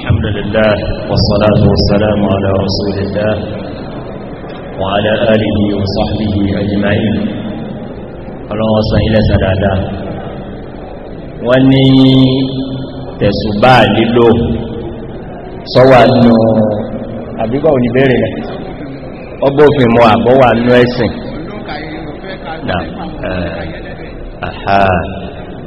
الحمد لله والصلاة والسلام على رسول الله وعلى آله وصحبه أجمعين الله وصحيح سلالا wọ́n ní tẹ̀sùbá lílò sọ́wà nù àbíkọ̀ òní bẹ̀rẹ̀ rẹ̀ ọgbọ́ òfin mọ́ àbọ́wà nù ẹ̀sìn àhà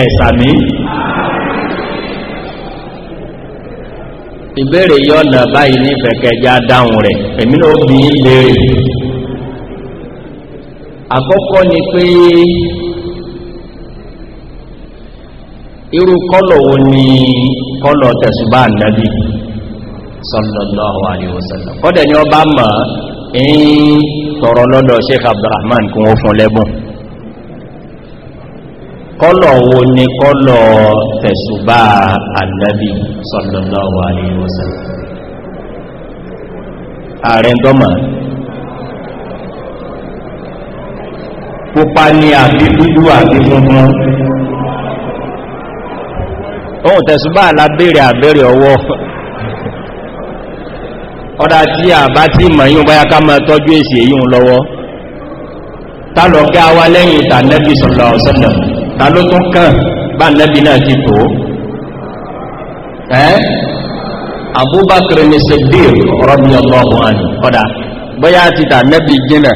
ẹ̀ sàmí ìbéèrè yọ ọ̀nà báyìí ní ìfẹ̀kẹ̀já dáhùn rẹ̀ èmi náà bí i léèrè àkọ́kọ́ ni pé irú kọ́lọ̀ wo ni kọ́lọ̀ tẹ̀sùbá ànábì sallallahu alayhi wa sallam kọ́dẹ̀ ni ọba mọ̀ ń tọrọ lọ́dọ̀ sheikh abdulrahman kún ó fún lẹ́bùn kọ́lọ̀ wo ni kọ́lọ̀ tẹ̀sùbá ànábì sallallahu alaihi wasallam ààrẹ gọ́mà pupa ni àbí dúdú àbí funfun ohun tẹ̀sùbá alábẹ̀rẹ̀ àbẹ̀rẹ̀ ọwọ́ ọ̀dá tí a bá tí mọ̀ yíò báyá ká máa tọ́jú èsì èyí lọ́wọ́ tálọ̀kẹ́ awá lẹ́yìn ìtànẹ́bì sallallahu alaihi ta ló tún kàn bá nẹ́bí náà ti tó ẹ́ abubakar ní sadiq radiyallahu anhu kọ́dá bóyá ti tà nẹ́bí jìnà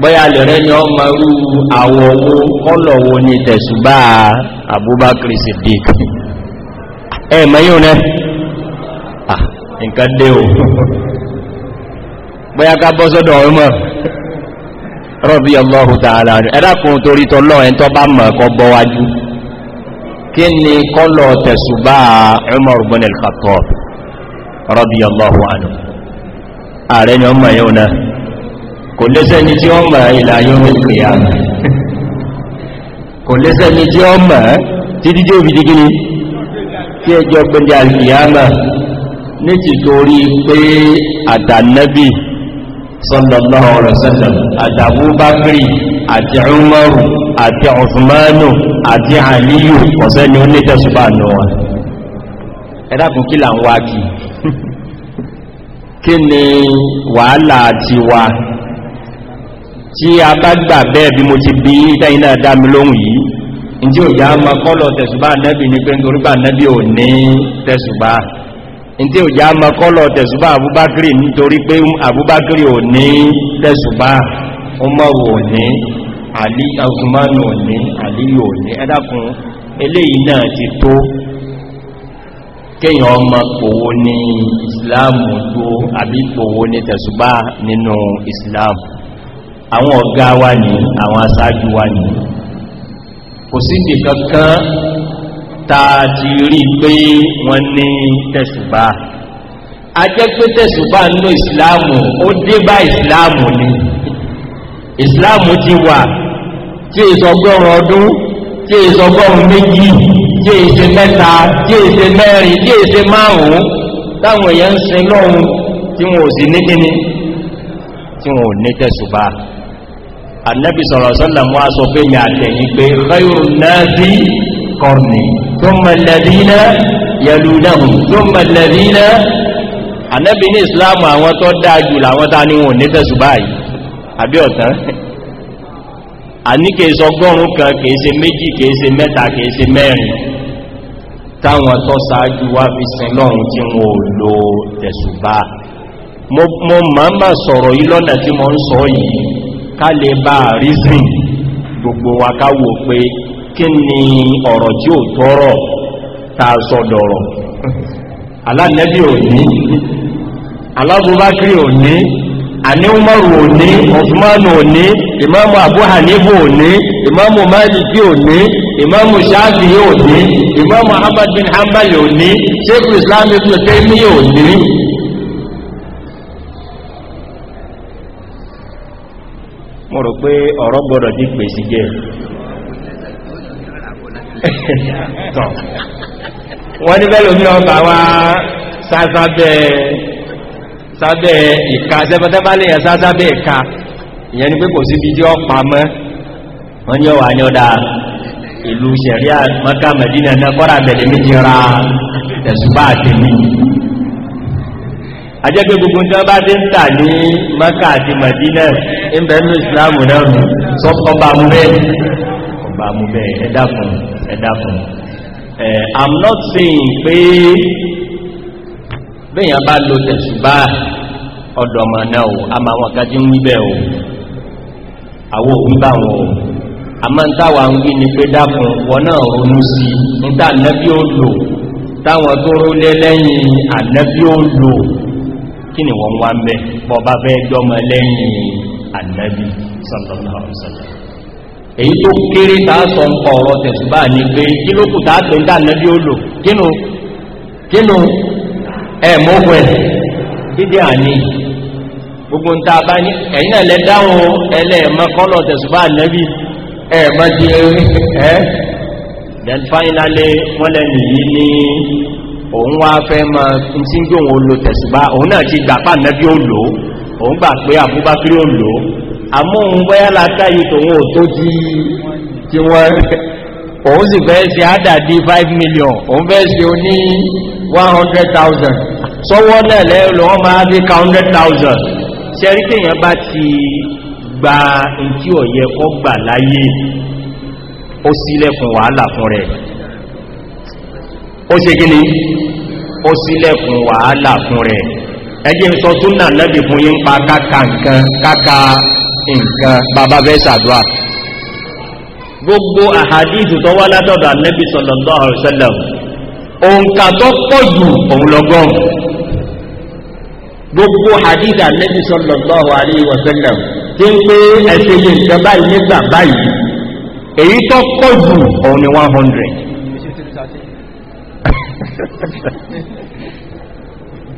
bóyá lè rẹ́ ni ọ marú àwọ̀ owó kọ́lọ̀wó ní tẹ̀sùbá abubakar sadiq ẹ mẹ́yìn rẹ̀ ah nǹkan dé o bóyá ká bọ́ sọ́dọ̀ ọmọ rọ́bí ọlọ́hù tààlà ẹ̀dàkùn torí tọ́lọ́ ẹ̀ tọ́ bá mọ̀ ẹ̀kọ́ bọ́wájú kí ni kọ́lọ̀ tẹ̀sùbá Umar ibn al-Khattab rọ́bí ọlọ́hù anhu ààrẹ ni ọmọ yóò náà kò lẹ́sẹ̀ ní tí ó mọ̀ ìlà yóò pè á kò lẹ́sẹ̀ ní tí sallallahu alaihi wasallam àti abubakri àti umaru àti uthmanu àti aliyu ọ̀sẹ́ ni ó ní tẹ́sùbá àná wa ẹ̀dàkùn kí là ń wá kí kí ni wàhálà àti wa tí a bá gbà bẹ́ẹ̀ bí mo ti bí ìtẹ́yìnà dámi lóhùn yìí ní tí ò yá ma kọ́lọ̀ tẹ̀sùbá nẹ́bì ní pé nítorípà nẹ́bì ò ní tẹ̀sùbá in tí ò já mọ́ kọ́lọ̀ tẹ̀sùbá àbúbákiri nítorí pé àbúbákiri ò ní tẹ̀sùbá ọmọrù ò ní àlí ọgbùnmánù ò ní àlíyò ò ní ẹ́dàkùn eléyìí náà ti tó kéyàn ọmọ pòwó ní ìsìláàmù tó àbí pòwó ní tẹ̀sùbá nínú ìsìláàmù tààtì rí pé wọ́n ní tẹ̀sùbá a jẹ́ pé tẹ̀sùbá ń lò ìsìláàmù ó dé bá ìsìláàmù ni ìsìláàmù ti wà tí ìsọgọ́rùn ọdún tí ìsọgọ́rùn méjì tí ìse mẹ́ta tí ìse mẹ́rin tí ìse márùn-ún táwọn èèyàn ń sin lọ́run tí wọn ò sí ní kíní tí wọn ò ní tẹ̀sùbá annabi sọ̀rọ̀ sọ́lọ̀ mọ́ aṣọ pé mi àtẹ̀yìn pé rẹ́yùn náà sí kọ́rùn ثم الذين يلونهم ثم الذين ànábì ní ìsìláàmù àwọn tó dáájú làwọn tá ní wọn ní tẹ̀sù báyìí àbí ọ̀tán àníkè sọgọ́rùn kan kìí ṣe méjì kìí ṣe mẹ́ta kìí ṣe mẹ́rin táwọn tó sáájú wá fi sin lọ́run tí wọ́n lò tẹ̀sù bá mo máa sọ̀rọ̀ yí lọ́nà tí mo ń sọ yìí ká lè bá rízìn gbogbo wa káwò pé kí ni ọ̀rọ̀ tí ó tọ́rọ̀ ala sọ̀dọ̀rọ̀ alánẹ́bí ò ní alábúbákírí ò ní àní ò ní osmanu ò ní imamu abu hanifu ò ní imamu maliki ò ní imamu shafi ò ní imamu ahmad bin ò ní sheikh islam ibn ní mo rò pé ọ̀rọ̀ gbọ́dọ̀ wọ́n ní bẹ́lò ní ọba wá sábẹ́ ìka sẹ́bẹ́tẹ́bá lè yẹ sábẹ́ ìka ìyẹn ni pé kò sí bídí ọpa mọ́ wọ́n ní ọwà ní ọdá ìlú sẹ̀ríà mọ́ká mẹ̀dínà náà kọ́rà bẹ̀rẹ̀ méjì ra tẹ̀sùbá àtẹ̀mí ajẹ́gbẹ́ gbogbo tí wọ́n bá dé ń tà ní mọ́ká àti mẹ̀dínà ń bẹ̀rẹ̀ ìsìlámù náà sọ́kọ́ bá mú bẹ́ẹ̀ bá mú bẹ́ẹ̀ ẹ̀dàkùn i'm not saying pé bẹ́yàn bá lo tẹ̀sùbá ọ̀dọ̀mọ̀ náà o a ma wọn kájí ń wíbẹ̀ o àwọ òun bá wọn o a máa ń táwà ń wí ni pé dákùn wọn náà ronú sí níta ànẹ́bí ó lò táwọn tó rú lé lẹ́yìn ànẹ́bí ó lò kí ni wọ́n wá mẹ́ bọ́ bá fẹ́ jọmọ lẹ́yìn ànẹ́bí sallallahu èyí tó kéré tàásọ nǹkan ọ̀rọ̀ tẹ̀sùbá ní pé kí ló kù tàátọ̀ ìdá nẹ́bí ó lò kínú kínú ẹ̀mọ́gbẹ̀ dídí àní gbogbo ń tàà bá ní ẹ̀yìn náà dáhùn ẹlẹ́ẹ̀mọ́ tẹ̀sùbá nẹ́bí ẹ̀ẹ̀mọ́ then finally wọ́n lẹ́nu yìí ní òun wá fẹ́ mọ tí ń gbóhun ó lò tẹ̀sùbá òun náà ti gbà pà nẹ́bí àmóhun bọ́yá látàyí tòun ò tó ti tí wọ́n òun sì fẹ́ sí àdàdí 5 million òun fẹ́ sí o ní 100,000 sọ́wọ́ náà lẹ́ẹ̀lọ wọ́n máa bí ká 100,000 ṣe rí tí èyàn bá ti gba ìtí ọ̀yẹ kọ́ gbà láyé ó sílẹ̀ fún wàhálà fún rẹ̀ ó ṣe gíní ó sílẹ̀ fún wàhálà fún rẹ̀ ẹjẹ́ sọ súnà lẹ́bì fún yí ń pa káka nǹkan káka nǹkan bàbá fẹ́ sàdúrà gbogbo àhàdìsù tó wá látọ̀dọ̀ ànẹ́bí sallallahu alaihi wasallam òǹkà tó pọ̀ jù òun lọ́gọ́rùn gbogbo àhàdìsù ànẹ́bí sallallahu alaihi wasallam tí ń pé ẹ̀sẹ̀ yìí nǹkan báyìí nígbà báyìí èyí tó pọ̀ jù òun ni 100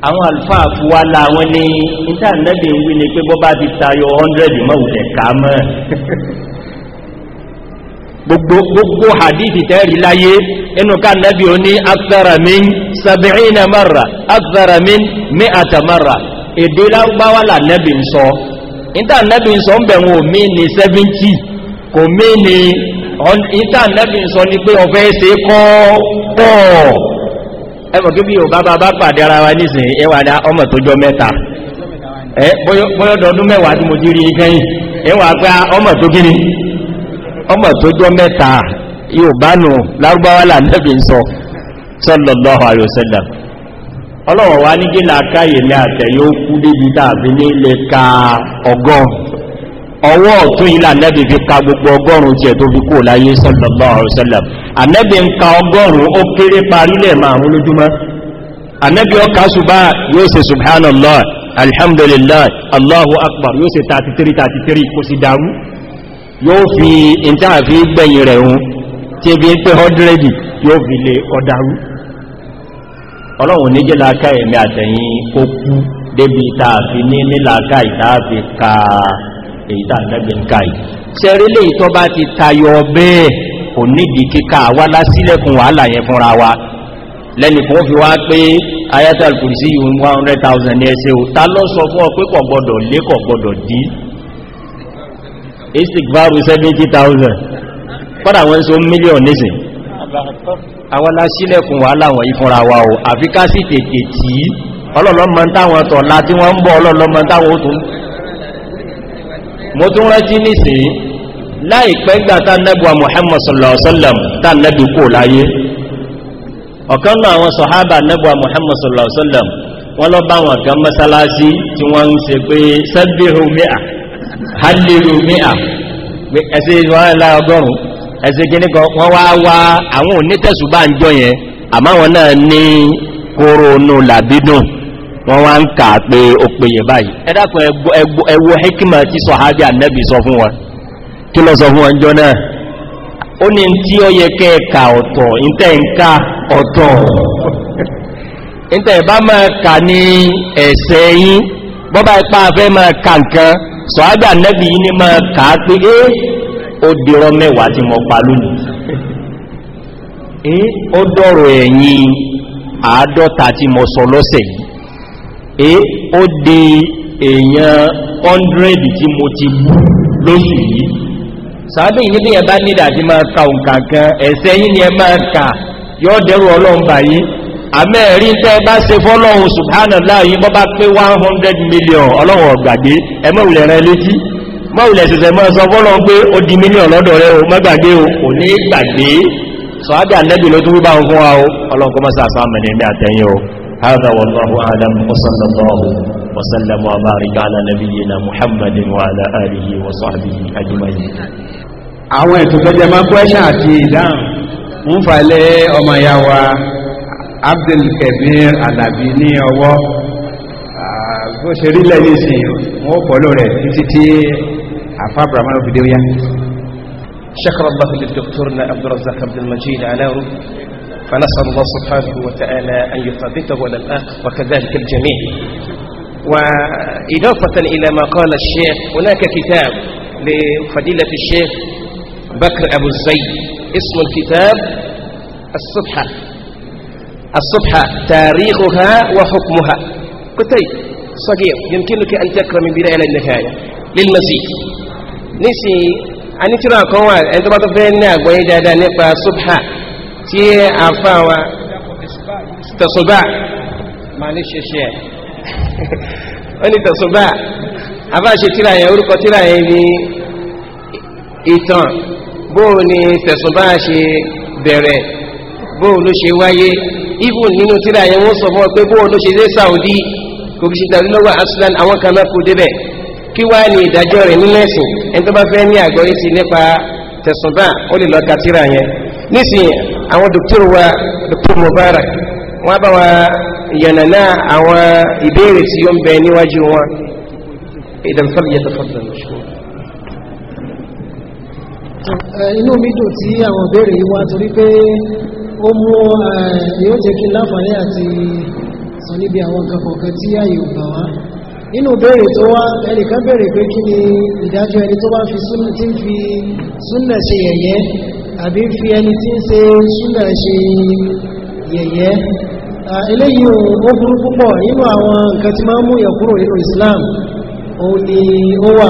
àwọn àlùfáà fúwa láwọn ní ìtànẹ́bì ń wí ní pé bọ́bá ti tayọ 100 mọ́wùlẹ̀ ká mọ́ gbogbo hadithi tẹ́rì láyé inú ká nẹ́bì ó ní akẹ́rẹ̀mín 70 mara akẹ́rẹ̀mín 100 mara èdè lágbáwà lànẹ́bì ń sọ ìtànẹ́bì ń sọ ń bẹ̀ wọn ò mí ní 70 kò mí ní ìtànẹ́bì ń ẹmọ̀ kí bí o bá bá pàdé ara wa nísìn ẹwàdá ọmọ tó jọ mẹ́ta bọ́yọ́dọ̀ọdún mẹ́wàá tí mo jí rí ẹwà pé ọmọ tó gíní ọmọ tó jọ mẹ́ta yóò bá nù lárúbáwá lànẹ́bì ọwọ́ ọ̀tún ilá anẹ́bì fi ka gbogbo ọgọ́rùn jẹ tó fi kó láyé sallallahu alaihi wasallam anẹ́bì ń ka ọgọ́rùn ó kéré parílẹ̀ márùn lójúmọ́ anẹ́bì ọkà ṣùgbá yóò ṣe subhanallah fi lè kọdarú ọlọ́run ní jẹ́ láàká àtẹ̀yìn kó kú débi tààfi ní nílàáká ìtààfi kàá èyí tàà nẹ́bí ń káyì sẹ́rí lè tọ́ bá ti tayọ bẹ́ẹ̀ kò nídi kíkà wá lásílẹ̀ fún wàhálà yẹn fúnra wa lẹ́nì kan fi wá pé ayatal kùrìsí yìí 100,000 ní ẹsẹ́ o ta lọ sọ fún ọ pé kọ̀ gbọdọ̀ lé kọ̀ gbọdọ̀ dí istikvaru 70,000 kọ́dà wọ́n so mílíọ̀n nísìn àwọn lásílẹ̀ fún wàhálà wọ̀nyí fúnra wa o àfikásí tètè tí ọlọ́lọ́mọ táwọn tọ̀lá tí wọ́n ń bọ́ ọlọ́lọ́mọ táwọn ó tún mo tún rántí nísìn láìpẹ́ gbà tá nẹ́bùwa muhammad sallallahu alaihi wasallam tá nẹ́bù kò láyé ọ̀kan náà àwọn sọ̀hábà nẹ́bùwa muhammad sallallahu alaihi wasallam wọ́n lọ bá wọn kan mọ́sálásí tí wọ́n ń ṣe pé sẹ́bìrù mẹ́à hallilu mẹ́à ẹ̀sẹ̀ ìwọ̀nlá ọgọ́rùn ẹ̀sẹ̀ kìíní kan wọ́n wá wọ́n wá ń kà pé ó báyìí ẹ̀dàkùn ẹwọ hekima tí sọ̀hábí sọ fún wọn kí lọ sọ fún wọn jọ náà ó ní tí ó yẹ kẹ́ẹ̀kà ọ̀tọ̀ ìntẹ́ ǹká ọ̀tọ̀ ìntẹ́ ìbá máa kà ní ẹ̀ṣẹ̀ yìí bọ́bá ipá afẹ́ máa kà nǹkan sọ̀hábí ànẹ́bì yìí ní mo e ó di èèyàn 100 tí mo ti wú lóṣù yìí sàábẹ̀ yìí bí ẹ̀bá nídà tí máa ka òǹkà kan ẹ̀sẹ̀ yìí ni ẹ máa kà yóò dẹ̀rù ọlọ́run báyìí àmẹ́rin tẹ́ bá se fọ́lọ́run subhanallah yìí bọ́ bá pé 100 million ọlọ́run ọ̀gbàgbé ẹmọ́wùlẹ̀ rẹ létí mọ́wùlẹ̀ ṣẹ̀ṣẹ̀ mọ́ sọ fọ́lọ́run pé ó di mílíọ̀n lọ́dọ̀ rẹ o mọ́gbàgbé o kò ní gbàgbé sọ هذا والله أعلم وصلى الله وسلم وبارك على نبينا محمد وعلى آله وصحبه أجمعين àwọn ètò tó jẹmọ́ kwẹ́ṣà àti ìdáhùn ń falẹ̀ ọmọ ìyá wa abdulkabir alabi ní ọwọ́ bó ṣe rí lẹ́yìn sí wọ́n pọ̀lọ́ rẹ̀ títí tí àfábramá fi dé yá شكر الله للدكتور عبد الرزاق عبد المجيد على فنسأل الله سبحانه وتعالى أن يثبته على الأخ وكذلك الجميع وإضافة إلى ما قال الشيخ هناك كتاب لفضيلة الشيخ بكر أبو الزيد اسم الكتاب الصبحة الصبحة تاريخها وحكمها كتيب صغير يمكنك أن تقرأ من بداية إلى النهاية للمزيد نسي أن ترى قوات أن تبقى بيننا وإذا نقرأ صفحة tí àfa wa tẹ̀sùbà máa ní ṣẹṣẹ ẹ̀ wọ́n ní tẹ̀sùbà àfa ṣe tíra yẹn orúkọ tíra yẹn ní ìtàn bóun ni tẹ̀sùbà ṣe bẹ̀rẹ̀ bóun ló ṣe wáyé even nínú tíra yẹn wọ́n sọ fún ọ pé bóun ló ṣe dé Saudi kò kì í ṣe tàbí lọ́wọ́ asulan àwọn kan náà kò débẹ̀ kí wá ní ìdájọ́ rẹ̀ nínú ẹ̀sìn ẹni tó bá fẹ́ ní àgọ́ sí nípa tẹ̀sùbà ó lè lọ́ọ́ ka tíra yẹn nísìnyí àwọn dókítà wa dókítà Mubarak wọ́n bá wa yànnàná àwọn ìbéèrè tí yóò ń bẹ níwájú wọn idan fal yẹ tafadà lọ́ṣọ́ inú mi dùn tí àwọn ìbéèrè yìí wá torí pé ó mú eh, yóò jẹ́ kí láǹfààní àti sọ níbi àwọn nǹkan kọ̀ọ̀kan tí ààyè gbà wá nínú béèrè tó wá ẹnìkan béèrè pé kí ni ìdájọ́ ẹni tó bá fi súnnà ṣe yẹ̀yẹ́ àbí fi ẹni tí ń ṣe súnà ṣe yẹ̀yẹ́ eléyìí ó burú púpọ̀ nínú àwọn nǹkan tí máa ń mú yẹ̀ kúrò nínú Islam òun ni ó wà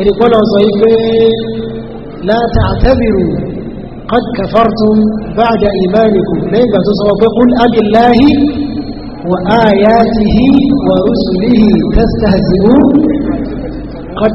ẹnìkọ́nà sọ wípé la ta'tabiru qad kafartum ba'da imanikum lẹ́yìn ìgbà tó sọ pé qul abillahi wa ayatihi wa rusulihi tastahzi'un qad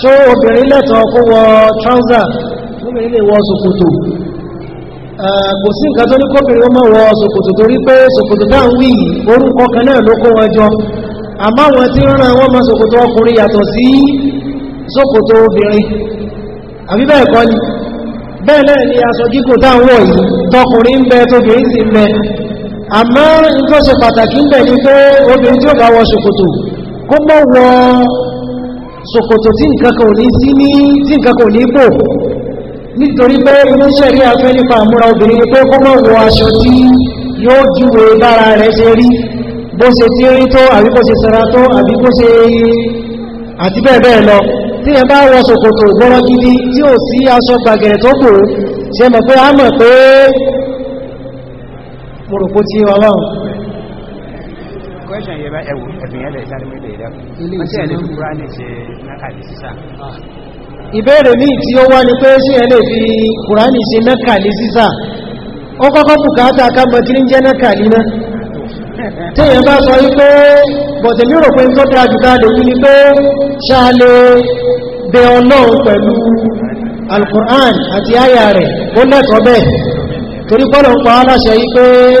tí ó obìnrin lẹ́tọ̀ kó wọ trọ́nsà lóbìnrin lè wọ ṣòkòtò kò sí nǹkan tó ní kóbìnrin ó máa wọ ṣòkòtò torí pé ṣòkòtò dáa ń wí orúkọ kan náà ló kó wọn jọ àmọ́ àwọn si ń ran wọ́n máa ṣòkòtò ọkùnrin yàtọ̀ sí ṣòkòtò obìnrin àbí bẹ́ẹ̀ kọ́ ni bẹ́ẹ̀ náà ni aṣọ ṣe pàtàkì ń bẹ ni pé obìnrin tí ó bá wọ ṣòkòtò kó mọ́ ṣòkòtò tí nǹkan kan ò ní sí ní tí nǹkan kan ò ní bò nítorí pé iléeṣẹ́ rí afẹ́ nípa àmúra obìnrin pé kó mọ̀ wọ aṣọ tí yóò júwe bára rẹ̀ ṣe rí bó ṣe tí rí tó àbí bó ṣe sara tó àbí bó ṣe àti bẹ́ẹ̀ bẹ́ẹ̀ lọ tí ẹ bá wọ ṣòkòtò gbọ́rọ́ gidi tí ò sí aṣọ gbàgẹ̀rẹ̀ tó kù ṣe mọ̀ pé a mọ̀ pé mo rò kó tí wà láwọn question yẹ bá ẹwù ẹ̀fìn yẹn lẹ̀ sáré mẹ́lẹ̀ ìdá wọ́n tí ẹ̀ lè fi kúránì ṣe náà sísà ah. ìbéèrè míì tí ó wá ní pé sí ẹ̀ lè fi kúránì ṣe náà sísà ó kọ́kọ́ bùkátà kábọ̀ tí ń jẹ́ náà líná téèyàn bá sọ wípé bọ̀tẹ̀ mi rò pé tó dáa jù káàdé wí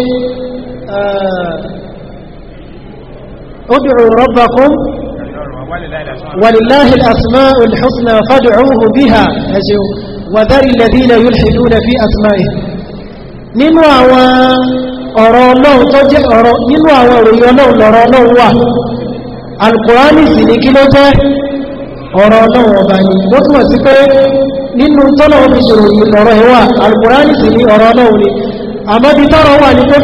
ni ادعوا ربكم ولله الأسماء الحسنى فادعوه بها وذر الذين يلحدون في أسمائه nínú àwọn ọ̀rọ̀ ọlọ́run tó jẹ́ ọ̀rọ̀ nínú àwọn òròyìn ọlọ́run lọ́rọ̀ ọlọ́run wà alkùránì sì ní kí ló jẹ́ ọ̀rọ̀ ọlọ́run ọba ni ó túnmọ̀ sí pé nínú tọ́lọ́run fi ọ̀rọ̀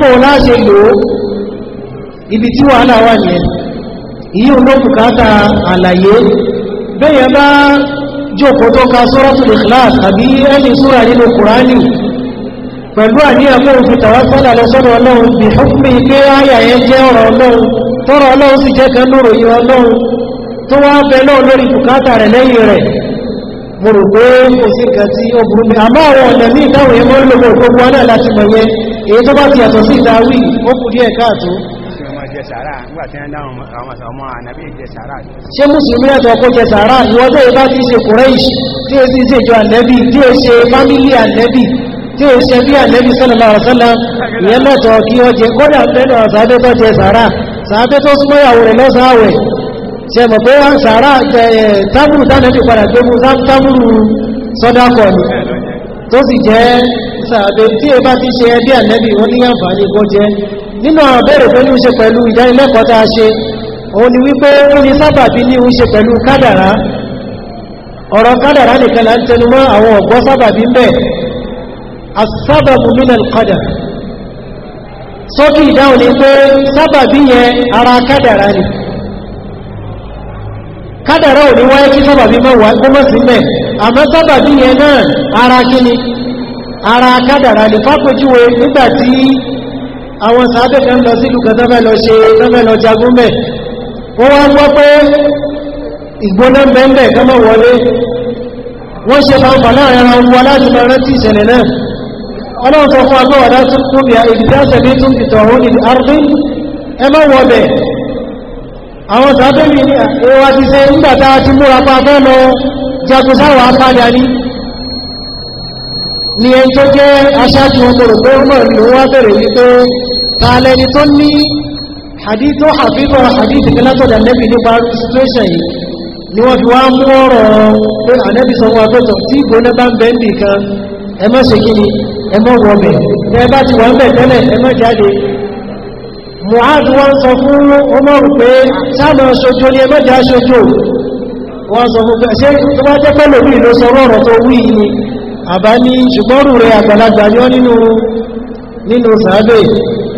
ọlọ́run ibi tí wàhálà wà yẹn ìyí olókùkátà àlàyé bẹ́yẹn bá jókòó tó ka suratul ikhlas tàbí ẹni súra nínú kùránì pẹ̀lú àníyàn pé òfin tàwásálà lọ sọ́dọ̀ ọlọ́run bí hukmi pé àyà yẹn jẹ́ ọ̀rọ̀ ọlọ́run tọ́rọ̀ ọlọ́run sì jẹ́ kan lórò yìí ọlọ́run tó wá bẹ náà lórí bùkátà rẹ̀ lẹ́yìn rẹ̀ mo rò pé kò sí nǹkan tí ó burú mi àmọ́ àwọn ọ̀nà ní ìdáhùn yẹn mọ́ lòmọ́ gbogbo náà láti mọ̀ yẹn èyí tó bá ti yàtọ̀ sí ìdáwì ó kù díẹ̀ káàtó jẹ sàárà nígbà tí wọ́n dáhùn àwọn ọmọ ànábì jẹ sàárà. ṣé mùsùlùmí ẹ̀tọ́ kó jẹ sàárà ìwọ́n tó bá ti ṣe kùrẹ́ìṣì tí ó sì ṣe ìjọ ànábì tí ó ṣe fámílì ànábì tí ó ṣe bí ànábì sallallahu alaihi wasallam ìyẹn lẹ́tọ̀ kí ó jẹ kódà lẹ́nu sàábẹ́ tó jẹ sàárà sàábẹ́ tó súnmọ́ ìyàwó rẹ̀ lọ́sàáwẹ̀ ṣe mọ̀ pé wọ́n sàárà tábùrù tánàbì padà gbé mú tábùrù sọ́dákọ̀ ni tó sì jẹ́ sàábẹ́ tí ó bá ti ṣe ẹbí ànábì wọ́n ní àǹfààní kó jẹ́ nínú àwọn bẹ̀rẹ̀ tó ní ṣe pẹ̀lú ìdánilẹ́kọ̀ọ́ ṣe òun ni wípé ó ní sábàbí ní ṣe pẹ̀lú kádàrá ọ̀rọ̀ kádàrá nìkan là ń tẹnumọ́ àwọn ọ̀gbọ́ sábàbí ń bẹ̀ asábàbù minal qadar sókè ni ara kádàrá ni kádàrá ò ní wáyé kí sábàbí mẹ́wàá gbọ́mọ̀ mẹ́ ara kíni ara kádàrá ni fápẹ́júwe nígbà tí àwọn sàábẹ̀ kan lọ sí ìlúkà tọ́fẹ́ lọ ṣe tọ́fẹ́ lọ jagun bẹ̀ wọ́n wá gbọ́ pé ìgbóná bẹ́ẹ̀ kọ́mọ̀ wọlé wọ́n ṣe fanfà láàrin ara wọn láti máa rántí ìṣẹ̀lẹ̀ náà ọlọ́run sọ fún agbọ́wà láti tún bí ìdíjáṣẹ̀ bí tún ìtọ̀hún ní arúgbó ẹ má wọ bẹ̀ àwọn sàábẹ̀ mi ní ìwà ti ṣe nígbà tá ni ẹni tó jẹ́ aṣáájú wọn kò mọ̀ ló wá bẹ̀rẹ̀ yìí pé tààlẹ́ ni tó ní hadith tó àfihàn hadith kan látọ̀dà nẹ́bì nípa situation yìí ni wọ́n fi wá mú ọ̀rọ̀ pé ànẹ́bì sọ wọn àgbẹ̀tọ̀ tí ìgbóná bá ń bẹ ń bì kan ẹ má ṣe kíni ẹ má wọ bẹ̀ ẹ bá ti wà ń bẹ̀ tẹ́lẹ̀ ẹ má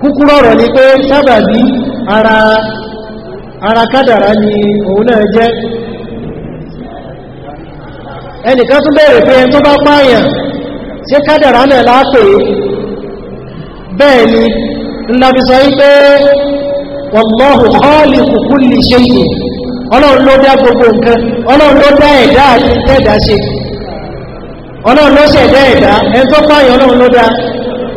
kúkúrú ọ̀rọ̀ ni pé sábàbí ara ara kádàrá ni òun náà jẹ́ ẹnìkan tún bẹ̀rẹ̀ pé ẹni tó bá pààyàn ṣé kádàrá náà láàpè bẹ́ẹ̀ ni ńlábi sọ wípé li khaliqu kulli shay'in ọlọ́run ló dá gbogbo nǹkan ọlọ́run ló dá ẹ̀dá àti tẹ́ẹ̀dá ṣe ọlọ́run ló ṣẹ̀dá ẹ̀dá ẹni tó pààyàn ọlọ́run ló dá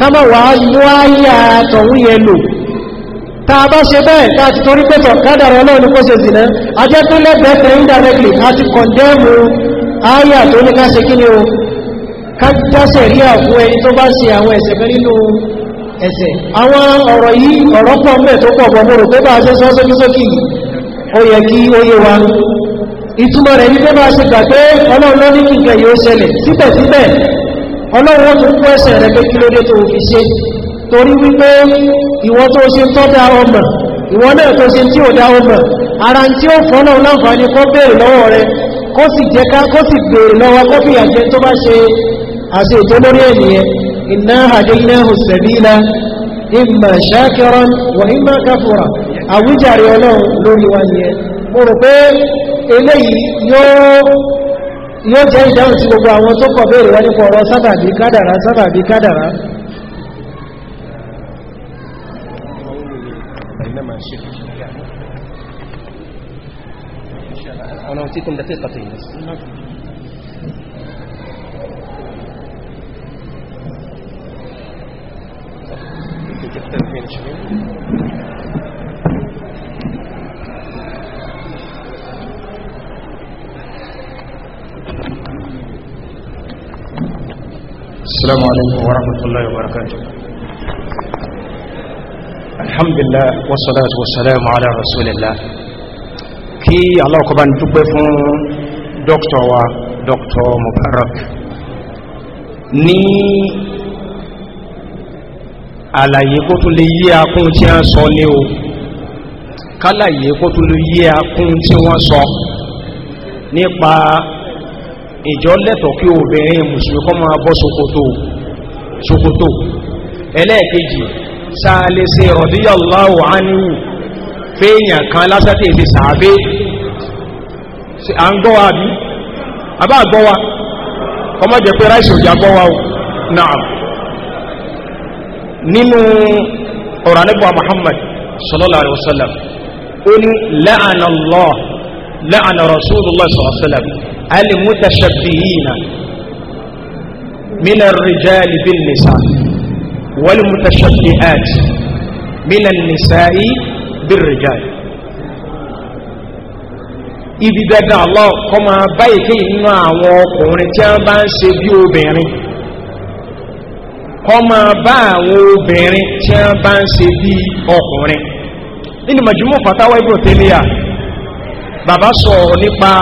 kama wa mú ayé àtọ̀hún yẹn lò ta bá ṣe bẹ́ẹ̀ láti torí pẹ́tọ̀ kádàrà ọlọ́run kó ṣe zìnà ajẹ́ tó lẹ́gbẹ̀ẹ́ indirectly àti kọ̀ndẹ́mù ayé àtọ́ ní káṣe kí ni o káṣẹ̀ rí àkú ẹni tó bá ṣe àwọn ẹ̀ṣẹ̀ kan nínú ẹ̀ṣẹ̀ àwọn ọ̀rọ̀ yìí ọ̀rọ̀ pọ̀ mẹ́ tó pọ̀ pọ̀ mọ́rò pé bá ṣe sọ sókísókì ó yẹ kí ó wa ìtumọ̀ rẹ̀ ní pé bá ṣe gbà pé ọlọ́run ló ní yóò ṣẹlẹ̀ síbẹ̀síbẹ̀ ọlọ́run ó tún kọ́ ẹ̀sẹ̀ rẹ̀ pé kí ló dé tó fi ṣe torí wípé ìwọ tó ṣe tọ́ da ọmọ ìwọ náà tó ṣe tí ò dá ọmọ ara tí ó fọ́nà láǹfààní kó béèrè lọ́wọ́ rẹ kó sì jẹ́ ká kó sì béèrè lọ́wọ́ kó fìyà jẹ tó bá ṣe àṣẹ ìjọ lórí ènìyàn iná àdéhìnáhù sẹ̀bílá ìmà ṣákẹrọ wà ìmà káfùrà àwíjàre yóò jẹ́ ìdáhùn sí gbogbo àwọn tó kọ̀ béèrè wọ́n nípa ọ̀rọ̀ sábàbí kádàrá sábàbí kádàrá أنا أوتيكم دقيقتين بس تكتب فين شوي السلام عليكم ورحمة الله وبركاته الحمد لله والصلاة والسلام على رسول الله kí aláwọ̀kọ́ bá ń dúpẹ́ fún dókítọ̀ wa dókítọ̀ mubarak ní àlàyé kó tún lè yí akún tí a sọ ní o kálàyé kó tún lè yí akún tí wọ́n sọ nípa ìjọ lẹ́tọ̀ kí obìnrin mùsùlùmí kọ́ máa bọ́ ṣòkòtò ṣòkòtò ẹlẹ́ẹ̀kejì sáàlẹ́sẹ̀ radiyallahu anhu fèèyàn kan lásàtẹ̀ èsì sàábé à ń gbọ́wà bí àbá gbọ́wà ọmọ jẹ́ pé ráìsì òjá gbọ́wà o náà nínú ọ̀rọ̀ anẹ́bọ̀ Muhammad sallallahu alaihi wasallam ó ní la'ana Allah sallallahu alaihi wasallam المتشبهين من الرجال بالنساء والمتشبهات من النساء بالرجال ibi dandan Allah kọ́ máa báyìí kí inú àwọn ọkùnrin tí wọ́n bá ń ṣe bí obìnrin kọ́ máa bá àwọn obìnrin tí wọ́n bá ń ṣe bí ọkùnrin nínú Majmu' Fatawa Ibn Taymiyyah bàbá sọ̀rọ̀ nípa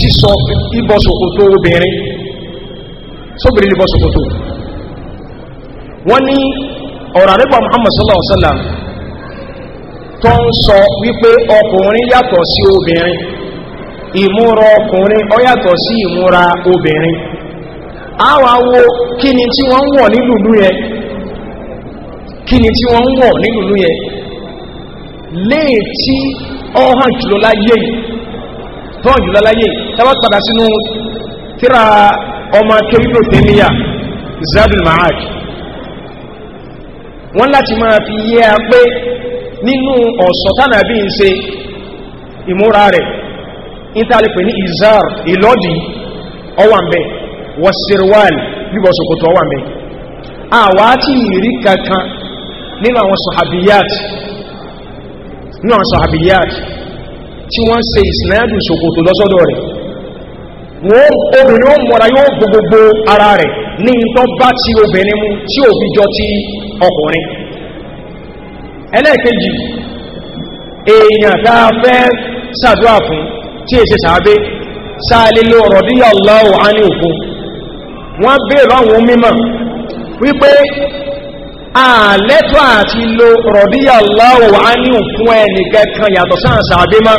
sísọ ìbọ̀sọ̀kòtò obìnrin sóbìnrin ìbọ̀sọ̀kòtò wọ́n ní ọ̀rọ̀ àrígbà Muhammad sallallahu alaihi tó ń sọ wípé ọkùnrin yàtọ̀ sí obìnrin ìmúra ọkùnrin ọ yàtọ̀ sí ìmúra obìnrin A wo kí ni tí wọ́n wọ̀ nílùú kí ni tí wọ́n tó hàn jùlọ láyé tábà padà sínú tíra ọmọ kébìlò tẹ́míyà zadul ma'aj wọ́n láti máa fi yé a pé nínú ọ̀sọ̀ tánàbí ń ṣe ìmúra rẹ̀ ìtàlẹ̀pẹ̀ ní izar ìlọ́dì ọwàmbẹ̀ wọ́sirwàlì bíbọ̀ sòkòtò ọwàmbẹ̀ àwá tí nínú àwọn sọ̀hàbíyàtì tí wọ́n ṣe ìsìnàdù ṣòkòtò lọ́sọ́dọ̀ rẹ̀ wọ́n obìnrin ó mọ́ra yóò gbogbo ara rẹ̀ ní ìtọ́ bá ti obìnrin mú tí ò fi jọ ti ọkùnrin ẹlẹ́ẹ̀kejì èèyàn tá a fẹ́ sàdúrà fún tí èsì sàábé sáàlélò ọ̀rọ̀ bí yàlláwò á ní òkun wọ́n bèèrè àwọn mímọ̀ wípé ààlẹ́tọ̀ àti lo ọ̀rọ̀ bí yàlláwò á ní òkun ẹnìkẹ́kan yàtọ̀ sáà sàábé máa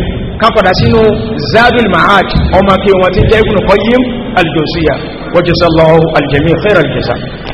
kápadà sínú zadul ma'ad ọmọ kí wọn ti jẹ́ ibùn qayyim al-jawziyya wa jazakallahu al-jami' khairal jazaa